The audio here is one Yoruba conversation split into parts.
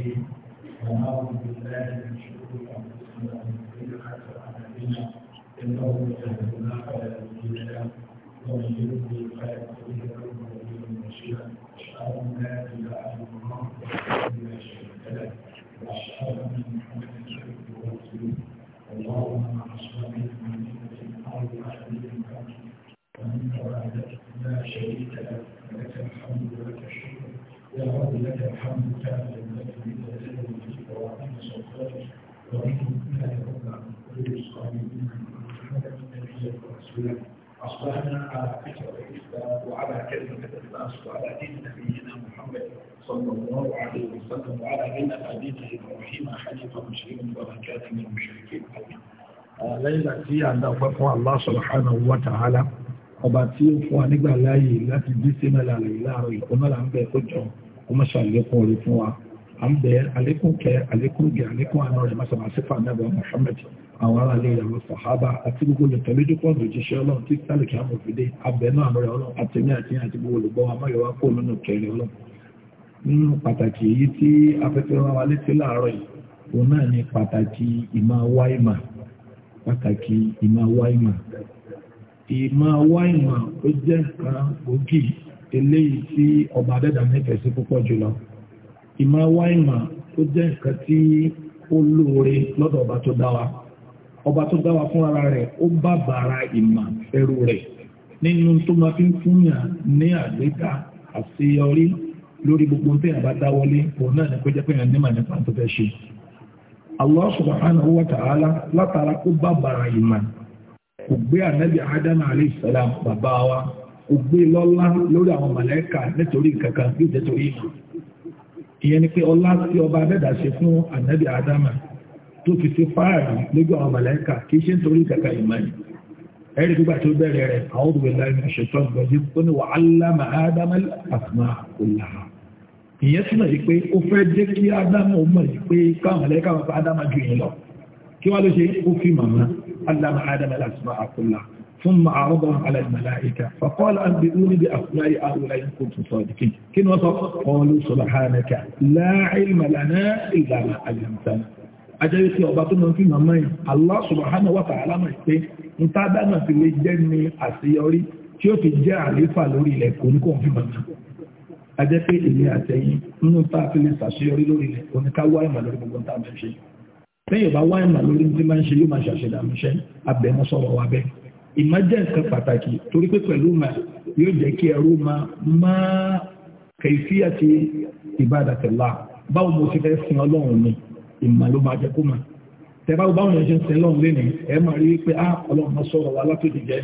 الرجيم ونعوذ بالله من شرور انفسنا ومن سيئات اعمالنا انه من يهد الله فلا مضل له ومن يضلل فلا هادي له أصبحنا على فكرة الإسلام وعلى كلمة الناس وعلى دين نبينا محمد صلى الله عليه وسلم وعلى ملة أبينا إبراهيم حنيفا مسلما وما كان من المشركين lẹ́yìnlá tí a dá ọpẹ́ fún Allah subhanahu wa ta'ala ọba tí ó fún wa nígbà láàyè láti bí sí mẹ́lá rẹ̀ láàrọ̀ ìkọ́nà là ń bẹ̀ tó jọ kó mọ́ ṣàlékún rẹ̀ fún wa à ń bẹ̀ àlékún kẹ àlékún gẹ̀ àlékún àná rẹ̀ mọ́sàmásífà náà bẹ̀ Muhammad àwọn ará ilé rẹ̀ àwọn sàhábà àti gbogbo olùtẹ̀lójú pọ̀ tó jíṣẹ́ ọlọ́run tí sálì kí á mọ̀ fìdé abẹ́nú àmọ́rẹ́ ọlọ́run àtẹ̀mí àti àti gbogbo olùgbọ́ amáyọ̀wá kó nínú kẹrẹ ọlọ́run nínú pàtàkì èyí tí afẹ́fẹ́ rán wa létí láàárọ̀ yìí òun náà ni pàtàkì ìmọ̀ wáìmà pàtàkì ìmọ̀ wáìmà ìmọ̀ wáìmà ó jẹ́ nǹkan gbòógì eléyìí tí ọba adẹ́dà nífẹ̀ẹ́ sí púpọ̀ jùlọ ìmọ̀ wáìmà ó jẹ́ nǹkan tí ó ọba tó dá wa fún ara rẹ̀ ó bá bàrà ìmọ̀ ẹrù rẹ̀ nínú tó máa fi ń fúnyà ní àgbéga àṣeyọrí lórí gbogbo tí àbá dáwọlé òun náà ní kó jẹ́ pé èèyàn nímọ̀ nípa tó fẹ́ ṣe Allah subhanahu wa ta'ala látara kó bá bàrà ìmọ̀ kò gbé ànábì ádámà alayhi salam bàbá wa kò gbé lọ́lá lórí àwọn màlẹ́kà nítorí kankan yóò jẹ́ torí ìyẹn ni pé ọlá tí ọba abẹ́dà ṣe fún ànábì ádámà tó fi sí fáàrí lójú àwọn màláíkà kì í ṣe nítorí kàkà ìmánì ẹ̀rí tó gbà tó bẹ̀rẹ̀ rẹ̀ àwọn billahi minash shaitanir rajim tó ní wa 'allama Adama al-asma'a kullaha ìyẹn túnmọ̀ yìí pé ó fẹ́ jẹ́ kí ádámà ó mọ̀ yìí ثم عرضهم على الملائكة فقال أنبئوني بأسماء هؤلاء إن صادقين كن وصف قالوا سبحانك لا علم لنا إلا ما علمتنا ajẹ́ wípé ọba tó máa ń fi hàn mọ́ yìí Allah subhanahu wa ta'ala mọ̀ pé n tá dáná ti lè jẹ́ ní àṣeyọrí tí ó fi jẹ́ àléfà lórí ilẹ̀ kò ní kò fi mọ̀ náà ajẹ́ pé èmi àtẹ̀yìn nínú tá a fi lè ṣàṣeyọrí lórí ilẹ̀ kò ní ká wá ìmọ̀ lórí gbogbo tá a máa ń ṣe lẹ́yìn bá wá ìmọ̀ lórí tí máa ń ṣe yóò máa ṣàṣedàmúṣẹ́ abẹ́mọ́ sọ̀rọ̀ wa bẹ́ẹ̀ ìmọ̀ jẹ́ nǹkan pàtàkì torí pé pẹ̀lú mà yóò jẹ́ kí ẹrú máa máa kẹ̀yìfíyà ti ìbádàtẹ̀lá báwo mo ti fẹ́ sin ọlọ́run mi ìmọ̀ ló máa jẹ kó mọ̀ tẹ́bá gbogbo àwọn ẹ̀ṣẹ́ ń sin lọ́n lẹ́nu ẹ máa rí pé á ah, ọlọ́run máa sọ̀rọ̀ wa látòdì jẹ́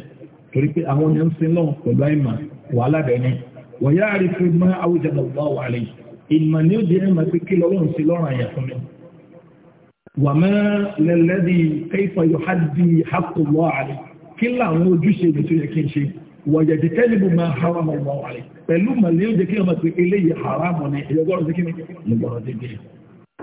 torí pé àwọn ẹ̀ṣẹ́ ń sin lọ́n pẹ̀lú àìmọ̀ wàhálà rẹ̀ ni wọ́n yá rí fún mọ́ àwùjọ lọ́wọ́ wà rẹ̀ ìmọ̀ ni ó di ẹ̀mọ̀ pé kí lọ́lọ́run sí lọ́rùn àyà fún mi. wà mọ́ lẹ́lẹ́dì kẹ́fọ́ yóò há di hákò lọ́ àrẹ kí làwọn ojúṣe mi tó yẹ kí n ṣe wọ̀yẹ̀dì tẹ́lifù pẹ̀lú mọ̀lẹ́ ó kí ọmọ pé eléyìí haram ni ẹ̀yọ́gọ́rọ̀ sí kí ni ìgbọ̀rọ̀ dédé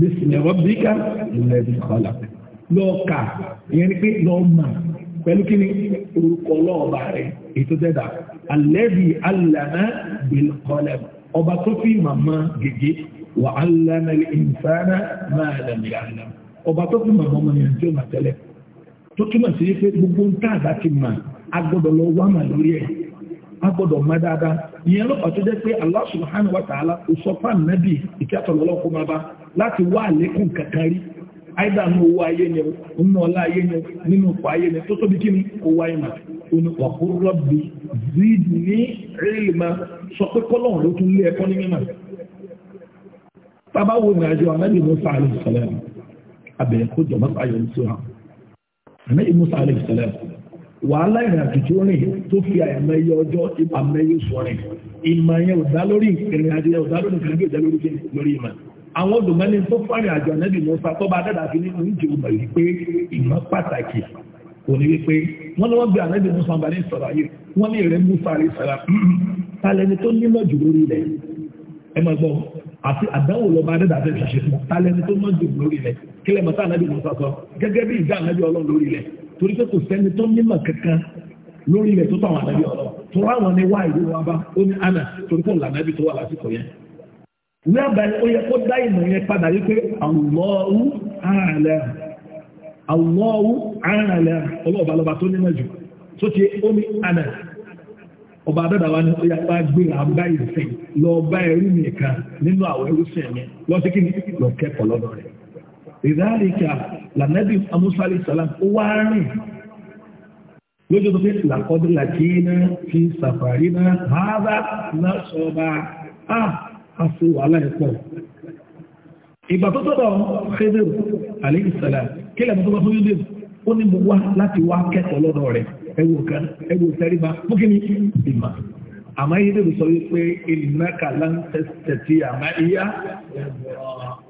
bísìmì rọ́bíkà lẹ́bí kọ́lá lọ́ọ̀kà ìyẹn ni pé lọ́ọ̀mà pẹ̀lú kí ni orúkọ lọ́ọ̀bà rẹ̀ ètò dẹ́dà alẹ́bí alànà bílkọ́lá ọba tó fi màmá gègé wà alànà ìfànà máa lẹ́mí àlà ọba tó fi màmá ọmọ yẹn tí ó mà tẹ́lẹ̀ tó túmọ̀ sí pé gbogbo ń tààdá ti mà agbọ́dọ̀ lọ wá mà lórí ẹ̀ agbọ́dọ̀ má dáadáa ìyẹn lọ́pàá tó pé Allah subhanahu wa ta'ala láti wá àlékún rí owó ayé ni nínú ọlá ayé ni nínú ọkọ̀ ayé ni tó tóbi kí ní owó ayé máa oní ọ̀pọ̀ rọ́bì zid ní rẹ́lì máa sọ pé kọ́lọ̀n ló tún lé ẹ̀kọ́ ní mímọ̀ tàbá wo musa alayhi salam abẹ̀rẹ̀ kó wàhálà ìrìnàjò tí ó rìn tó fi àìmọye ọjọ́ ìpàmẹ́yẹ sọ̀rìn ìmọ̀ yẹn ò dá lórí ìrìnàjò yẹn ò dá lórí ìrìnàjò ìjẹ́ lórí kíni lórí ìmọ̀ àwọn olùmọ́ni tó fọ́rin àjọ nẹ́bì mọ́sá tó bá dẹ́dà fi nínú ìjì ìmọ̀ wípé ìmọ̀ pàtàkì kò ní wípé wọ́n ni wọ́n bí ànẹ́bì mọ́sá bá ní sọ̀rọ̀ ayé wọ́n ní ìrẹ́ mọ́sá rí sọ̀rọ̀ tálẹ́ni tó nímọ̀ jù lórí ilẹ̀ ẹ máa gbọ́ àti àdánwò lọ́ba dẹ́dà fẹ́ ṣàṣe fún tálẹ́ni tó mọ̀ jù lórí ilẹ̀ kílẹ̀ mọ́sá ànẹ́bì mọ́sá sọ gẹ́gẹ́ bí ìjà ànẹ́bì ọlọ́run lórí ilẹ̀ torí pé kò sẹ́ni tó nímọ̀ kankan lórí ilẹ̀ tó tọ̀ àwọn ànábì ọ̀rọ̀ tó ráwọn ní wá ìlú wa bá ó ní àná torí pé lànàbí tó wà lásìkò yẹn ní ó yẹ kó dá ìmọ̀ yẹn padà rí pé Allahu ààlẹ́ Allahu ààlẹ́ ọlọ́ọ̀bá lọ́ba tó nímọ̀ jù tó ti ó ní àná ọba adọ́dàwà ní ó yàgbá gbéra bá ìsìn lọ bá ẹrú nìkan nínú àwọn ẹrú sẹ̀mí lọ́síkì lọ́kẹ́kọ̀ọ́ lọ́dọ̀ rẹ̀ ìdáríkà lànàbí amúsá alayhi salam ó wá rìn lójú tó fi làkọ́dé làkínà ah, fi sàfàrí náà hádà lásọ̀ọ́bà á àfi wàhálà ẹ̀pọ̀ ìgbà tó tọ́dọ̀ Khidir alayhi salam kílẹ̀ mọ́tò bá fún yúdìrì ó ní mo wá láti wá kẹ́kọ̀ọ́ lọ́dọ̀ rẹ̀ ẹwù kan ẹwù tẹ́ríba fúkìní ìmọ̀ àmọ́ yìí sọ wípé ìnáka láńtẹ́sítẹ̀tì àmọ́ ìyá ẹ̀bùrọ̀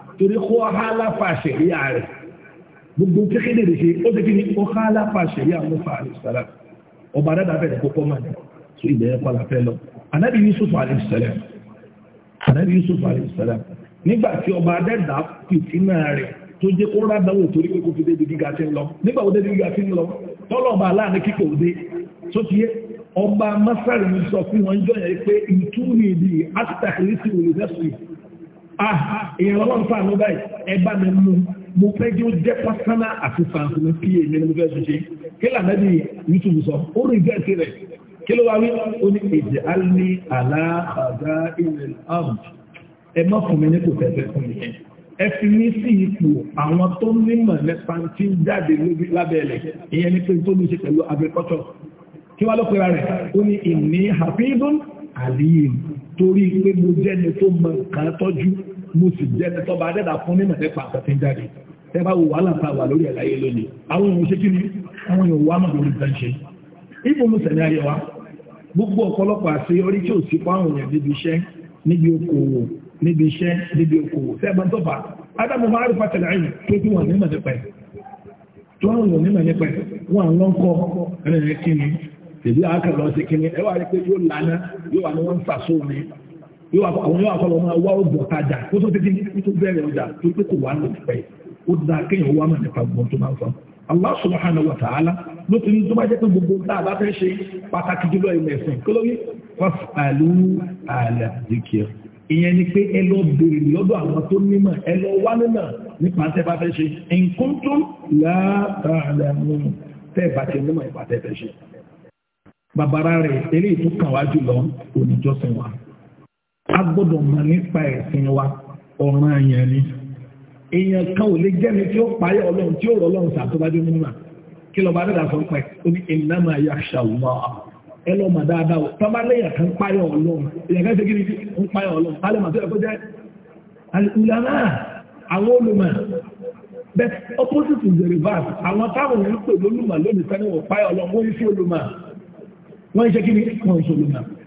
torí kó hálà fà ṣẹ̀ríà rẹ̀ gbogbo tí Khidr ṣe ó ti fi ní kó hálà fà ṣẹ̀ríà Musa àlùsàlà ọba dada bẹ̀rẹ̀ kó pọ́ màdì tó ilẹ̀ ẹ̀kọ́ àlàfẹ́ lọ Ànábì Yusuf àlùsàlà Ànábì Yusuf àlùsàlà nígbà tí ọba dada fìtínà rẹ̀ tó jẹ́ kó rádáwò torí pé kó fi débi gíga ti ń lọ nígbà wo débi gíga ti ń lọ tọ́lọ̀ ọba aláàánú kíkò dé tó ti yé ọba masari sọ fún wọn jọ yẹn pé ìtúni ìdí àtàkìlísì òlùfẹ́sì ah èèyàn lọ́wọ́ fún àánú báyìí ẹ bá mi mú mo fẹ́ kí ó jẹ́ pásánà àti fàǹsì ní pa èmi ni mo fẹ́ ṣiṣẹ́ kí lànà bí youtube sọ ó rí bẹ́ẹ̀ sí rẹ̀ kí ló wá wí ó ní èdè alẹ́ aláàbá ilẹ̀ àrùn ẹ má fún mi ní kò tẹ̀sẹ̀ fún mi ẹ fi mí sí ipò àwọn tó nímọ̀ nípa tí ń jáde lábẹ́lẹ̀ ìyẹn ní pé tó ní ṣe pẹ̀lú agriculture kí wá ló pera rẹ̀ ó ní ìní hafidun alim torí pé mo jẹ́ni tó mọ nǹkan tọ́jú mo sì jẹ́ ẹni tọ́ba adẹ́dà fún nínú ẹ̀pà àkàtì jáde tẹ́bá wo wàhálà ta wà lórí ẹ̀láyé lónìí àwọn èèyàn ṣe kí ni àwọn èèyàn wà mọ̀ lórí ìtàn ṣe ibo mo sẹ̀lẹ̀ ayé wa gbogbo ọ̀pọ̀lọpọ̀ àṣeyọrí tí ò sí fún àwọn èèyàn níbi iṣẹ́ níbi okòwò níbi iṣẹ́ níbi okòwò tẹ́gbọ́n tó bá adamu máa rí pàtàkì àyè tó tí wọ́n nímọ̀ nípa ẹ̀ tó wọ́n lò nímọ̀ nípa ẹ̀ wọ́n lọ ń kọ́ ẹ̀rẹ̀ kí ni tèbí àákàlọ́ sí kí ni ẹ wá rí pé yóò lánàá yóò wà ní wọ́n ń fà sóòrùn àwọn yóò àkọlọ máa wá ọgbọ ọtajà kó tó títí tó bẹ̀rẹ̀ ọjà tó pé kò wá ní ìpẹ ó dá kéèyàn wá mà nípa gbọ́n tó máa ń fa Allah subhanahu wa ta'ala ló ti ní tó bá jẹ́ pé gbogbo tá a bá fẹ́ ṣe pàtàkì jùlọ ìmọ̀ ẹ̀sìn kí ló yí fàfàlú àlà zikir ìyẹn ni pé ẹ lọ bèrè lọ́dọ̀ àwọn tó nímọ̀ ẹ lọ wá nínà nípa tẹ́ bá fẹ́ ṣe nǹkan tó látàlẹ́ mú tẹ́ bá ti nímọ̀ ìpàtẹ́ fẹ́ ṣe bàbára rẹ̀ eré ìtúkàwá jùlọ oníjọ́sìn wa a gbọ́dọ̀ mọ̀ nípa ẹ̀sìn wa ọ̀ràn àyàn ni èèyàn kan ò lè jẹ́ni tí ó payọ̀ ọlọ́run tí ó rọ̀ ọlọ́run sàtọ́bájú mímọ́ kí lọ́ba dáadáa sọ pé ó ní innama yakhsha Allah ẹ lọ́ mà dáadáa o tọ́ba lẹ́yìn kan payọ̀ ọlọ́run èèyàn kan ṣe kí ni ń payọ̀ ọlọ́run alẹ́ màtó ẹ̀kọ́ jẹ́ alùpùlànà àwọn olùmọ̀ bẹ́ẹ̀ opposite is the reverse àwọn táwọn ń pè lólùmọ̀ lónìí sẹ́ni wọ̀ payọ̀ ọlọ́run wọ́n ń ṣe olùmọ̀ wọ́n ń ṣe kí ni wọ́n ń ṣe olùmọ̀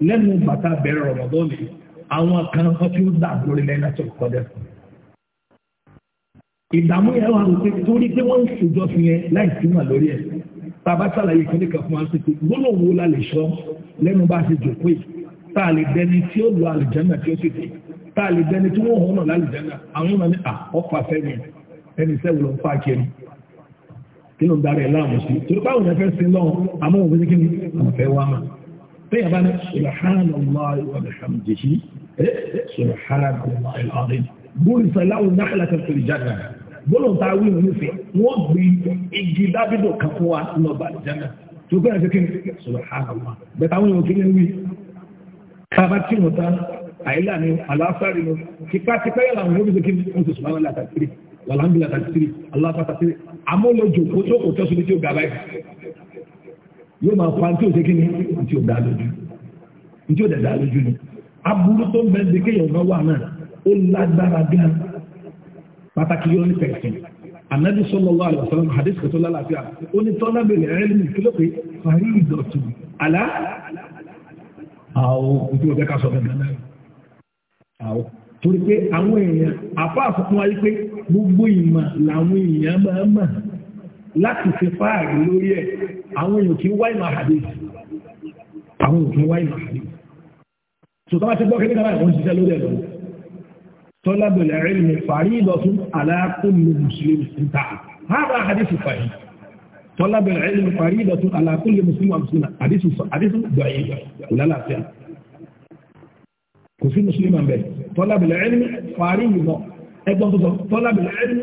lẹ́nu bàtà bẹ̀rẹ̀ rọ̀mọ̀dọ́nì àwọn kan kan tí ó dà lórí lẹ́yìn àti ìkọ́dẹ́. ìdààmú yẹn wà wípé torí pé wọ́n ń ṣùjọ́ fi yẹn láì sí mà lórí ẹ̀ tàbá sàlàyé kíní kan fún wa sí pé gbólóhùn wo la lè sọ lẹ́nu bá ṣe jòkó yìí tá a lè dẹni tí ó lọ àlùjànnà tí ó sì dé tá a lè dẹni tí wọ́n hàn náà lálùjànnà àwọn ọmọ ní à ọ̀fà fẹ́mi ẹni sẹ́wù ló ń fà kiri kí ló ń darí ẹ̀ láàmú sí torí báwo ni ẹ fẹ́ sin lọ́wọ́ àmọ́ òun ní kí ni téèyàn bá ní subhanallahi wa bihamdihi subhanallahi al-azim bóyá ìsàláwò nákàlà kan fèrè jáde náà bọ́lọ̀ ta wí ní fi wọ́n gbin igi dábìdò kan fún wa lọ bá ìjánà tó gbẹ́rẹ̀ sí kí ní subhanallah bẹ̀tà àwọn èèyàn kí ní wí kábà tí ti pẹ́yẹ̀ làwọn yóò fi kí ní tàbí wàlámbìlà tàbí aláfáà tàbí amóhùn kó tó kò tẹ́sùn tí ó gàbáyé yóò máa fa tí ò ṣe kí ni tí ò dá lójú tí ò dá lójú ni aburú tó ń bẹ ṣe kéèyàn náà wà náà ó lágbára gan pàtàkì yóò ní pẹ̀sìn anabi sallallahu alaihi wasallam hadith kò tó lálàáfíà ó ní tọ́lá bèrè ẹ̀rẹ́lì mi kílò pé parí ìdọ̀tù àlá àwọn òkú ọjọ́ ká sọ bẹ̀rẹ̀ náà àwọn torí pé àwọn èèyàn àpá àfọkún wáyé pé gbogbo ìmọ̀ làwọn èèyàn máa ń mọ̀ láti fi fáàrí lórí ẹ̀ àwọn èèyàn kí wá ìmọ̀ hadith àwọn èèyàn kí wá ìmọ̀ hadith so tọ́wá ti gbọ́ kí ní kàbáyà wọ́n ṣiṣẹ́ lórí ẹ̀ lọ talabul ilmi faridatun ala kulli muslimin ìta hada hadith fàyí talabul ilmi faridatun ala kulli muslimin wà mùsùlùmí hadith dọ̀yìn lálàáfíà kò sí mùsùlùmí àbẹ̀ talabul ilmi fàrí ìmọ̀ ẹgbọ́n tó sọ talabul ilmi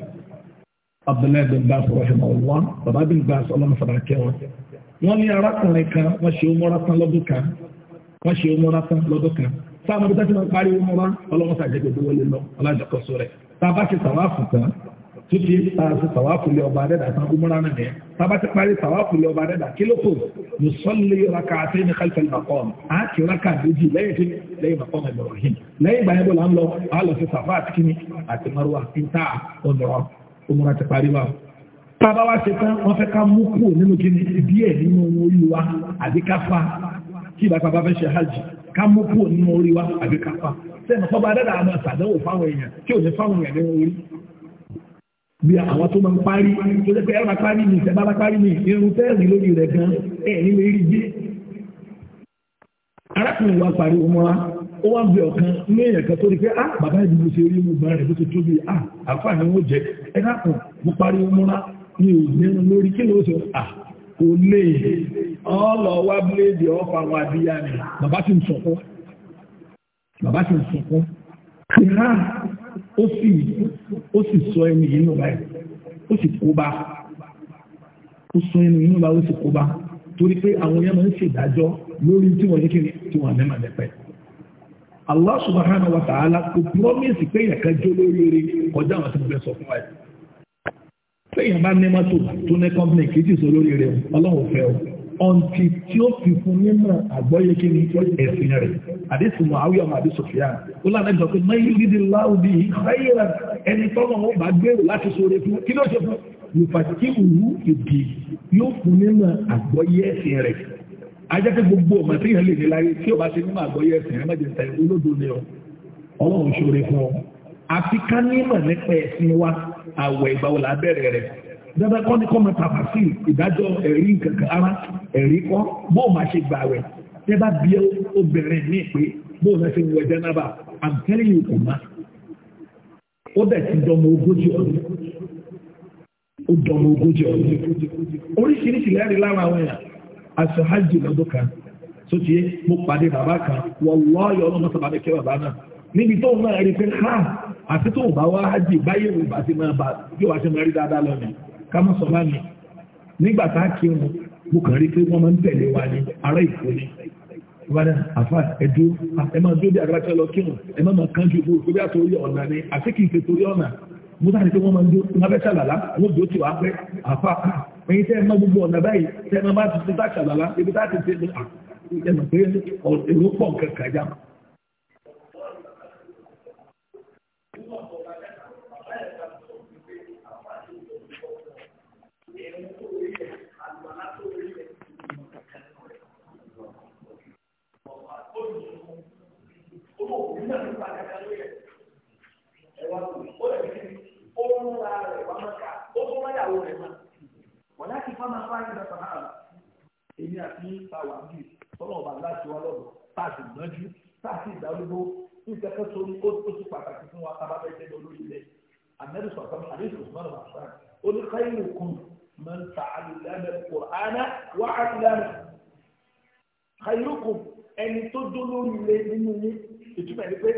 abdullahi bin baas rahimahullah baba bin baas ọlọ́run fara kẹwọn wọ́n ní arákùnrin kan wọ́n ṣe umura tán lọ́dún kan wọ́n ṣe umura tán lọ́dún kan sáà mọ̀ bí tájú máa parí umura ọlọ́run sàjẹ́ gbogbo wọlé lọ ọlájọkọ̀sọ rẹ̀ tá a bá ṣe tàwáàfù tán títí tá a ṣe tàwáàfù lé ọba adẹ́dà tán umura náà nìyẹn tá a bá ti parí tàwáàfù lé ọba adẹ́dà kí ló kù yusalli rak'atayn khalfal maqam á kì rákà méjì lẹ́yìn tí lẹ́yìn maqam Ibrahim lẹ́yìn ìgbà yẹn bó ń lọ á sí sàfà àti kíní àti marwa ìta ọ̀nà òmùra ti parí wa tábà wá ṣe tán wọ́n fẹ́ ká mú kúrò nínú kíni díẹ̀ nínú ohun orí wa àbí ká fa kí ìbá bàbá fẹ́ ṣe hajj ká mú kúrò nínú orí wa àbí ká fa sẹ́nu fọ́ba dẹ́dà àmọ́ ṣàdánwò fáwọn èèyàn tí ò ní fáwọn èèyàn nínú orí bí àwọn tó máa ń parí tó jẹ́ pé ẹ̀rọ bá parí mi ìṣẹ́ bá bá parí mi irun tẹ́ẹ̀rì lórí rẹ̀ gan-an ẹ̀ nílé rí gbé arákùnrin wa parí òmùra ó wá ń bẹ ọ̀kan ní èèyàn kan tó rí pé á ah, bàbá ìlú mo ṣe rí mú gbọ́n rẹ̀ bó ti tóbi à àǹfààní ó jẹ ẹ dákun mo parí múra ní òmìnira lórí kí ló sọ à ah, kò lè ọlọ wá bíléèdì ọkọ àwọn àbíyá ni bàbá ti ń sọkún bàbá ti ń sọkún ìhà ó sì ó sì sọ ẹni yìí nù báyìí ó sì kó bá ó sọ ẹni yìí nù báyìí ó sì kó bá torí pé àwọn yẹn máa ń ṣèdájọ́ lórí tí wọ́n ní kí ni tí wọ́n mẹ́mà lẹ́pẹ́ Allah subhanahu wa ta'ala kò promise pé èèyàn kan jó lórí eré kọjá àwọn tí mo fẹ́ sọ fún wa yìí. pé èèyàn bá ní mọ́tò tó ní company kì í ti sọ lórí eré ọlọ́run fẹ́ o ọ̀ǹtì tí ó fi fún mímọ̀ àgbọ́yé kí ni ẹ̀sìn rẹ̀ àdéhùn Muawiya ọmọ àdéhùn Sufyan ó lànà ìgbà pé mẹ́yìn lídì láòdì yìí khayran ẹni tọ́lọ̀ wọn bá gbèrò láti sọ̀rọ̀ fún kí ló ṣe fún yòókù àti òwú ìdì yóò fún mímọ̀ àgbọ́yé ẹ̀sìn rẹ̀ ajẹ́kẹ́ gbogbo ọmọ tí yẹn lè ní láyé tí ọba ṣe nímọ̀ àgbọ́yé ẹ̀sìn ẹ̀ mẹ́jẹ̀ ta olódo ni ọ ọlọ́run ṣoore fún ọ àti ká nímọ̀ nípa ẹ̀sìn wa àwẹ̀ ìgbà wo la bẹ̀rẹ̀ rẹ̀ dáadáa kọ́ ní kọ́ mọ tàfàṣì ìdájọ́ ẹ̀rí kankan ara ẹ̀rí kọ́ bó máa ṣe gbà wẹ̀ tẹ́ bá bí obìnrin ní pé bó máa ṣe wẹ̀ jẹ́nàbà I'm telling you kò má ó bẹ̀ ti dọmọ ogójì ọdún ó dọmọ ogójì ọdún aṣọ hajj lọ́dún kan tó ti yé mo pàdé bàbá kan wọ́lọ́ yọ ọlọ́mọ sábà mi kẹ́ bàbá náà níbi tó náà rí pé ha àti tó bá wá hajj báyé wò bá ti máa bá bí wàá ṣe máa rí dáadáa lọ́nà ká mọ̀ sọ bá mi nígbà tá a kí wọn mo kàn rí pé wọ́n máa ń tẹ̀lé wa ní ará ìfò ni ìbádá àfà ẹ̀dú ẹ máa dúró bí àgbàkẹ́ lọ kírun ẹ máa kán ju gbogbo bí àtòrí ọ̀nà ni èyí tẹ́ mọ́ gbogbo ọ̀nà báyìí tẹ́ mọ́ bá ti ti bá ṣàlàlá ibi tá ti ti ní àtúnjẹ́mọ̀ pé èrò pọ̀ kẹkà já. Thank you. ní ìdàpọ̀ náà èmi àti tàwa bí tọ́lọ̀ ọba láti wá lọ́dọ̀ tá a sì gbọ́njú tá a sì dárúgbó ìkẹ́kẹ́ sórí ó ti pàtàkì fún wa tábà bẹ́ẹ̀ tẹ́lẹ̀ olóyè lẹ̀ àmẹ́rì sọ̀tàn àdéhùn ìsúná lọ́wọ́ àṣà ó ní káyọ̀ kùn mọ̀ ń ta àlùlẹ́mẹ̀ kùránà wà á lẹ́mẹ̀ káyọ̀ ẹni tó dó lórí ilé nínú yín ìtumọ̀ ẹni pé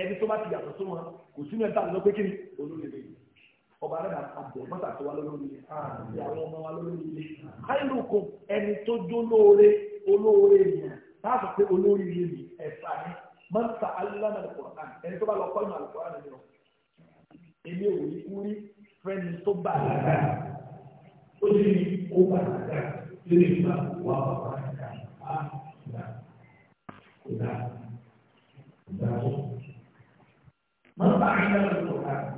ẹni tó bá ti yàtọ̀ sóhun kò sínú ẹ̀ wa lẹ́nà àbẹ̀ mọ́tà tó wà lórí ilé àti àwọn ọmọ wa lórí ilé káyọ̀kọ̀ ẹni tó jó lóore olóore ènìyàn láti pé olórí ilé mi ẹ̀fà ni mọ́tà alámà alukoran ẹni tó bá lọ kọ́ ìmọ̀ alukoran ni o èmi ò rí wúrí fẹ́ni tó bá àlàkà ó sì ní kó bá àlàkà lórí ìgbà wà wà wà àlàkà á ìgbà ìgbà ìgbà mọ́tà alámà alukoran.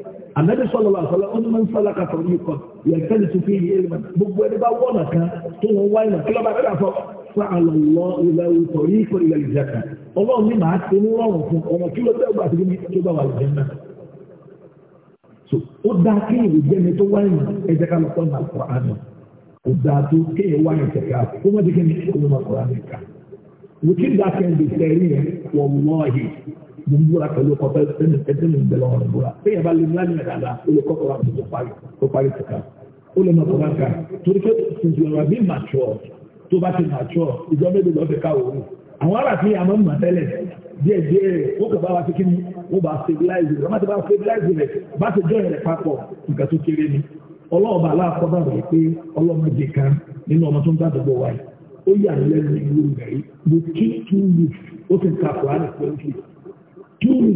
Ànábì sallallahu alaihi wasallam ó ní man salaka tariqan yaltamisu fihi ilman gbogbo ẹni bá wọ́nà kan tó wọ́n wá ìmọ̀ kí ló bá fẹ́ràn fọ́ sa'ala Allahu lahu tariqan ila al-jannah ọlọ́run ní màá ti ní rọrùn fún ọmọ kí ló dẹ́gbà tó ní tó bá wà lè jẹun náà. ó dáa kí ìlú jẹ́ni tó wáyé ẹ̀jẹ̀ ká lọ sọ́ ní Al-Qur'an ó dáa tó kí ìlú wáyé ẹ̀jẹ̀ ká kó má dé kí ní kó ní mo ń búra pẹ̀lú ọkọ̀ pẹ̀lú ẹgbẹ́ mi ń bẹ̀rẹ̀ ọ̀rọ̀ búra bẹ́ẹ̀ yẹn bá lè nílá nílẹ̀ dáadáa ó lè kọ́kọ́ láti tó parí tó parí kíkà ó lè mọ̀ tó bá ga torí pé tuntun ọ̀rọ̀ bí màtúọ̀ tó bá ti màtúọ̀ ìjọ mélòó lọ́ọ́ fi ká òru àwọn ará fi àmọ́ mà tẹ́lẹ̀ díẹ̀ díẹ̀ ó kò bá wa fi kíni ó bá stabilize rẹ̀ bá stabilize rẹ̀ bá ti jọ́ rẹ̀ papọ̀ nǹkan tó kéré ni ọlọ́ọ̀bà aláàkọ́ bá rẹ̀ pé ọlọ́mọdé kan nínú ọmọ tó ń gbàdúgbò wáyé ó yà lẹ́nu ìlú rẹ̀ ló kí tún lù ó sì ń ka kùránì pẹ̀lú túùrù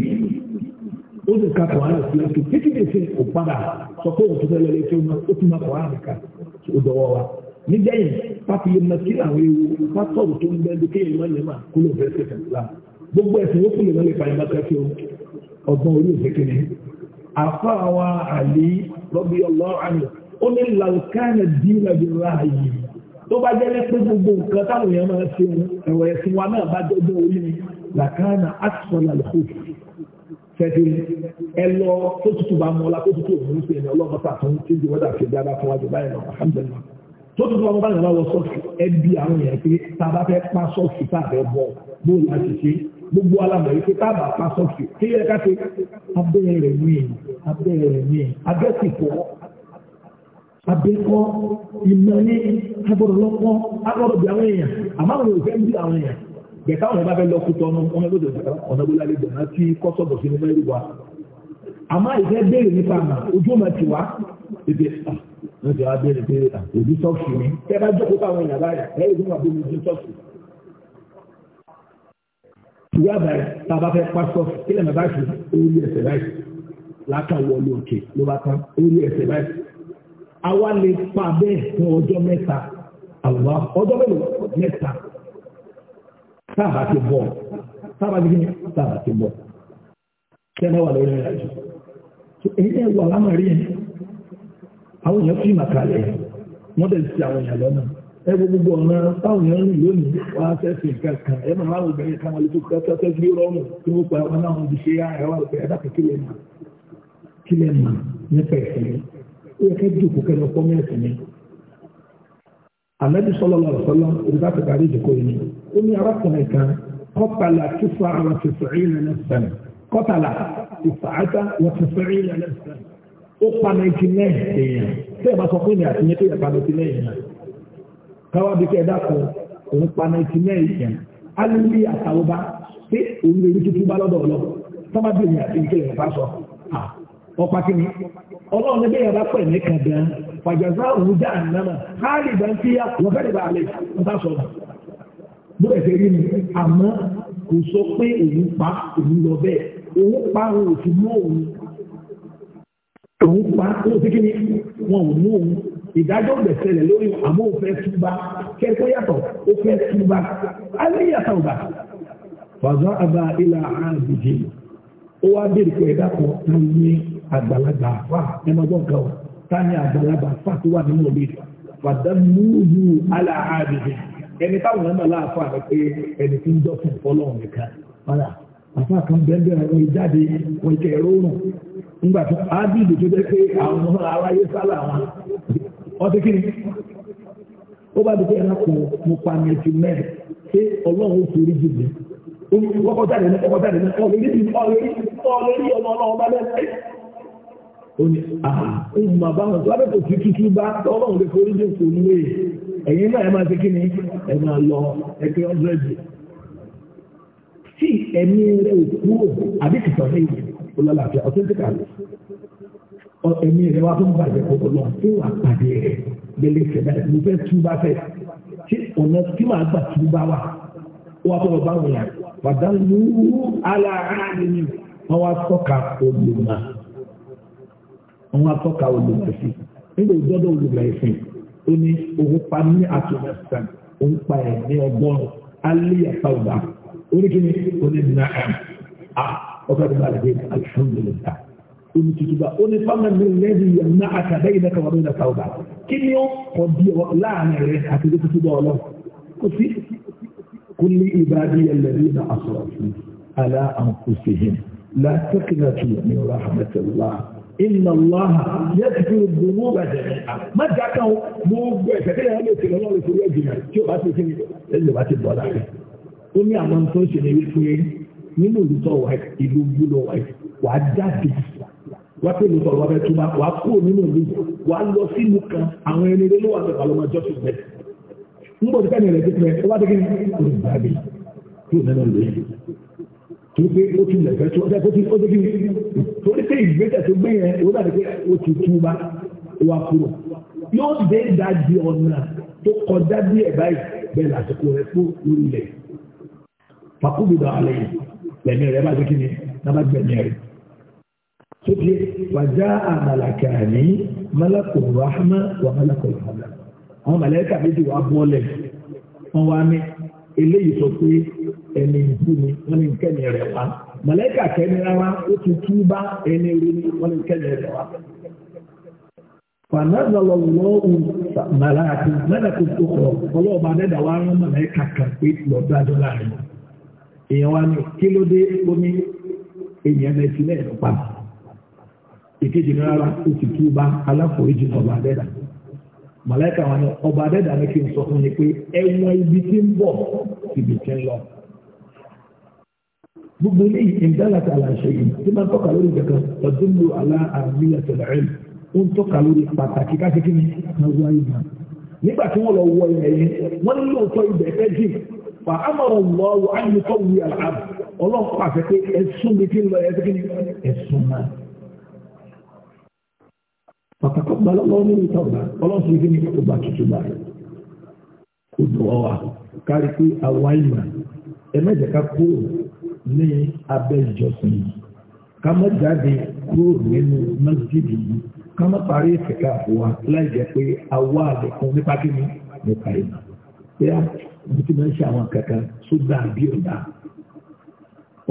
ó sì ka kọ̀ọ̀rán sí ọ̀tún títí dèsè kò padà sọ pé òtún fẹ́ lọ́lẹ́ tó ó tún máa kọ̀ọ̀rán nìkan ó dọ̀wọ́ wa nígbẹ̀yìn pápí lè máa kí àwọn ewu pásítọ̀rù tó ń bẹ́ẹ̀ lókè ìmọ̀ lè máa kúlò bẹ́ẹ̀ sí ìfẹ̀sílá gbogbo ẹ̀sìn ó kúlò lọ́lẹ́ fàyè máa kẹ́kẹ́ ọgbọ́n orí òfin kìíní afa wa àlè rọ́bì ọlọ́run ó ní làlùkánà dínà bí ráàyè tó bá jẹ́ pé gbogbo nǹkan táwọn èèyàn máa ṣe ẹ̀wọ̀ ẹ̀sìn wa náà bá làkàna àtúnṣọlá lóko fẹ́ẹ́dì ẹ lọ tó tutù bá mọ́lá tó tutù òun ṣe ẹni ọlọ́mọ tá a tún ti di wọ́dà ṣe dáadáa fún wájú báyìí lọ alhamdulilah tó tutù bá mọ́ báyìí lọ sọ́ọ̀sì ẹ bí àwọn yẹn pé tá a bá fẹ́ pa sọ́ọ̀sì tá a fẹ́ bọ̀ bóun láti ṣe gbogbo alamọ̀ yìí pé tá a bá pa sọ́ọ̀sì kí yẹ ká ṣe abẹ́rẹ́ rẹ̀ ní ẹ̀ abẹ́rẹ́ rẹ̀ ní ẹ̀ abẹ́sì fọ́ abẹ́kọ́ ìmọ̀ ní agbọ̀dọ̀ lọ́kọ́ agbọ̀dọ̀ bí àwọn èèyàn àmọ́ bẹ̀ka ọ̀nà ìbáfẹ́ lọ kútọ́ ọ̀nà ọ̀nà gbọ́dọ̀ ọ̀nà gbọ́dọ̀ alẹ́ gbọ̀nà tí kọ́sọ̀bọ̀ sínú mẹ́rin wa àmọ́ ìfẹ́ béèrè nípa àmà ojú ọmọ ti wá ebi ní ti wá béèrè pé òbí sọ́ọ̀sì mi tẹ́ bá jókòó táwọn èèyàn báyà ẹ̀ ẹ̀ ìgbìmọ̀ àbúrò ojú sọ́ọ̀sì. ìwé àbáyé tá a bá fẹ́ pásọ̀ kílẹ̀ màbá sí orí ẹsẹ̀ báyìí látà wọlé òkè ló bá tán orí ẹsẹ̀ báyìí. àwa lè pa bẹ́ẹ̀ fún ọjọ́ mẹ́ta àwòrán ọjọ́ mẹ́ta táàbà ti bọ̀ táàbà ti gbìyànjú táàbà ti bọ̀ kẹ́lẹ́ wà lórí ẹ̀rọ àjò tó èyí ẹ̀ wà lámà rí àwọn èèyàn fi màkà lẹ̀ wọ́n dẹ̀ àwọn èèyàn lọ́nà ẹ gbogbo ọ̀nà táwọn èèyàn rìn lónìí nǹkan kan ẹ máa obìnrin kan tó kọ́ tí wọ́n pa náà ti ṣe wà ẹ̀dá mà mà nípa ẹ̀sìn ànábì sọlọ́lá ọ̀sọ́lá òrùka ti parí ìdíkọ́ yìí ó ní arákùnrin kan kọ́tàlá tìfà àwọn tìfẹ̀ẹ́ ìlànà sẹ́nẹ̀ kọ́tàlá tìfà àtà wọ́n tìfẹ̀ẹ́ ìlànà sẹ́nẹ̀ ó pa ninety nine èèyàn tẹ́ ẹ̀ bá sọ pé ní àtìyẹn tó yẹ pa ninety nine èèyàn káwá bí ẹ dákun òun pa ninety nine èèyàn alílí àtàwọn bá òun lè rí tuntun bá lọ́dọ̀ ọlọ́ tọ́ ọlọ́run ní bẹ́ẹ̀ bá pẹ̀ ní kàdá fàjàzá òwúdà ànámà káàlì bá ń fíyà wọ́n fẹ́ dìbà àlẹ́ ọ̀tá sọ̀rọ̀ bó ẹ̀ fẹ́ rí mi àmọ́ kò sọ pé òun pa òun lọ bẹ́ẹ̀ òun pa òun ò fi mú òun òun pa òun fi kíni wọn ò mú òun ìdájọ́ gbẹ̀sẹ̀lẹ̀ lórí àmọ́ òun fẹ́ túbà kẹ́kọ̀ọ́ yàtọ̀ ó fẹ́ túbà alẹ́ yàtọ̀ ọ̀bà fàjọ́ àbá ilà àbìjì ó wá bèrè pé ẹ̀dá kan ló ní àgbàlagbà àfà ẹmọgbọ́n kan ọ̀ tá ní àgbàlagbà àfà wà nínú òbí fàdámúhù aláàbìbì ẹni táwọn ẹ̀mọ̀ láàfà rẹ̀ pé ẹni tí ń dọ́sùn fọlọ́run nìkan padà àfà kan bẹ́ẹ̀ jáde ẹ̀rọ nígbà tó ábìbì tó jẹ́ pé àwọn aráyé sálà wọn ọtí kí ni ó bá dùkú kò mẹ́rin pé ọlọ́run ó jù mí ní kọ́kọ́ jáde ní ó ní àhà ah, ń mọ báwọn tó lábẹ́ kò sí tútú bá ọlọ́run lè forí jẹ́ kò lè ẹ̀yìn náà ẹ máa ṣe kí ni ẹ máa lọ ẹgbẹ́ ọ̀dọ́ẹ̀dì tí ẹ̀mí rẹ̀ ò kúrò àbí kìtọ̀ ní olólàfẹ́ ọ̀tẹ́ntìkàlì ẹ̀mí rẹ̀ wá tó ń bàjẹ́ kọ̀ọ̀kan lọ fún àpàdé rẹ̀ lẹ́lẹ́ fẹ́ báyìí mo fẹ́ tú bá fẹ́ tí ọ̀nà tí màá gbà tú bá wà ó wá tọrọ báwọn àwọn atọ́ka olùmọ̀ẹ́sìn nígbà ìjọba olùmọ̀ẹ́sìn ó ní òun pa ní àtúnṣe òun pa ẹ̀ ní ọgọ́rùn-ún alẹ́ ẹ̀ka ọ̀dà oníkíní onídìnnà ẹ̀ à ọkọ̀ tó bá lè dé alhamdulillah omi tuntun bá ó ní fáwọn mi lẹ́yìn yẹn ná àtàdé yìí lẹ́kọ̀ọ́ lórí ẹ̀ka ọ̀dà kí ni ó kọ̀ bí ọ láàrin rẹ̀ àti ilé tuntun bá ọ lọ kò sí kò ní ìbáraẹni ẹlẹ́rìí náà àsọ̀rọ̀ fún alá àǹkóṣe yẹn látẹ́kìnà tó yẹ ní rahmatullah inna allaha yaghfiru dhunuba jami'a má dáká o gbogbo ẹ̀ṣẹ̀ tí yàrá lè ṣe lọ́wọ́ lè forí ẹ̀jìnà tí o bá ti kíni ẹ̀jẹ̀ bá ti bọ̀ láàrin ó ní àwọn tó ń ṣe wípé nínú olùtọ̀ wà ìlú gbúlọ̀ wà jáde wà pé olùtọ̀ wà bẹ túmọ̀ wà kú nínú ìlú wà lọ sínú kan àwọn ẹni lé lówà bẹ̀rẹ̀ àwọn ọjọ́ ṣùgbẹ́ ń bọ̀ sí kẹ́ni rẹ̀ ti pẹ́ ó bá ti kíni ó ń bá kúrò nínú ìlú yìí tó pé ó ti lẹ̀fẹ́ tó ọjọ́ tí ó dégbé torí pé ìgbésẹ̀ tó gbé yẹn ó dàbí pé ó ti tú bá wá kúrò yóò dé dájú ọ̀nà tó kọjá bí ẹ̀ báyìí bẹ́ẹ̀ lásìkò rẹ̀ kú lórí ilẹ̀ fàkúbùdà alẹ́ yìí lẹ́mí rẹ̀ bá dé ni náà gbẹ̀mí rẹ̀ tó ti wàjá àmàlàkà ní malakul wà malakul rahma àwọn màlẹ́kà méjì wà bọ́ọ̀lẹ̀ wọn wá ní eléyìí sọ pé ẹni ìbú ni wọ́n ní kẹ́ni rẹ̀ wá mọ̀lẹ́kà kẹ́ni rárá ó ti tú bá ẹni rí ni wọ́n ní kẹ́ni rẹ̀ wá. فنزل الله ملائكة ملك الأخرى ọlọ́run bá dẹ́dà wá rán mọ̀lẹ́kà kan pé èèyàn ní kí ló dé omi èèyàn ìkejì rárá ó ti màláìka wọn ni ọba adẹ́dà ni kí n sọ fún yín pé ẹ̀wọ̀n ibi tí ń bọ̀ ibi tí ń lọ. gbogbo ní ìdálàtà àlàṣẹ yìí tí máa ń tọ́ka lórí kankan ọdún lo àlá àmì àtẹlẹ́rìn ó ń tọ́ka lórí pàtàkì káṣíkí ni wọ́n wá ìgbà. nígbà tí wọ́n lọ wọ ilẹ̀ yìí wọ́n ní lóòótọ́ ibẹ̀ fẹ́ jì wà á mọ̀rọ̀ lọ wọ àyìnkọ́ wí àlàbù ọlọ́run pàṣẹ pé ẹ̀sùn mi ti ń lọ ẹ̀sùn náà فتقبل الله مني توبة الله سيجيني توبة توبة kòtòwà kárí pé àwa ìmọ̀ ẹ má jẹ́ ká kúrò ní abẹ́ ìjọsìn yìí ká má jáde kúrò nínú mọ́sídìí yìí ká má parí ìfẹ̀ká àfọwà láì jẹ́ pé àwa àdẹ̀kùn nípa kíni nípa ìmọ̀ pé á bí tí wọ́n ń ṣe àwọn kankan sódà àbí ọ̀dà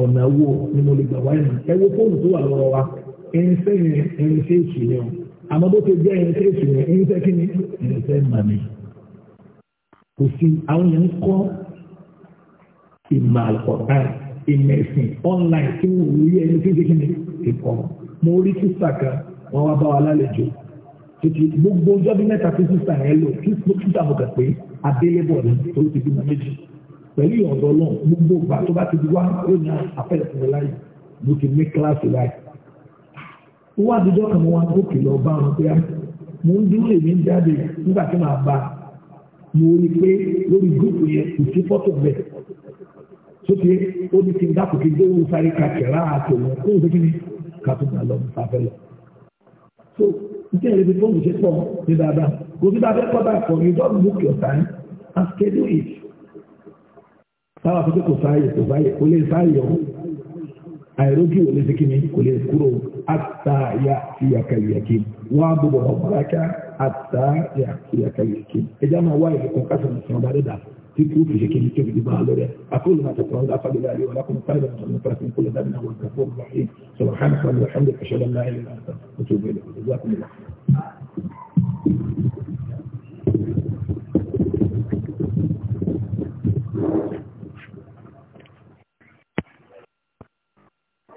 ọ̀nà wo ni mo lè gbà wáyé ẹ wo fóònù tó wà lọ́wọ́ wa irinṣẹ́ yẹn irinṣẹ́ ìṣìyẹn àmọ́ bó ṣe jẹ́ irinṣẹ́ èṣù yẹn irinṣẹ́ kí ni irinṣẹ́ màmí kò sí àwọn yẹn ń kọ́ ìmọ̀ àlùkọ̀tà ìmọ̀ ẹ̀sìn online tí wọ́n wò yẹ ẹni tí ó ṣe kí ni ìkọ́ mo rí sísà kan wọ́n wá bá wa lálejò títí gbogbo ọjọ́ bí mẹ́ta tí sísà yẹn lò kí sísà mo kà pé abélébọ̀ ni tó ti bímọ méjì pẹ̀lú ìyọ̀ǹdọ̀ náà gbogbo ìgbà tó bá ti di wá ó ní ó wá dídọ́ kan wọn gòkè lọ bá wọn pé ah, mo ń dúró èmi ń jáde nígbà tí màá bá mo rí i pé lórí gúúpù yẹn kò sí fọ́tò bẹ́ẹ̀ sókè ó ní kí n dákò kí n gbé wọn sáré kàkẹ́rà àtòwọn kó o ṣe kí ni kàtúntà lọ sáfẹ́ lọ. so ǹjẹ́ ẹ̀rẹ́ bí fóònù ṣe pọ̀ ní dáadáa kò sí dáadáa pọ̀ báyìí for you don't book your time and schedule it. táwa fi pé kò sáàyè kò sáàyè kò lè sáàyè ọ̀hún àìrójú ò lè ṣe kí ni kò lè kúrò àtàyà ìyàkàyàkì wọn á gbogbo ọ̀pọ̀láká àtàyà ìyàkàyàkì ẹjá máa wá ìlú kan kásán ìsìn ọba dídà tí kú fi ṣe kí ni tóbi dìbò àlọ́ rẹ̀ akóòlù máa tẹ̀sán ọ̀dà fàlẹ́ àríwá lákùnrin fàlẹ́ àti ọ̀nà fàlẹ́ kúlẹ̀ dábìnà wọn kà fún ọ̀rọ̀ yìí sọ̀rọ̀ hàn fàlẹ́ alhamdulilayi ṣẹlẹ̀ láì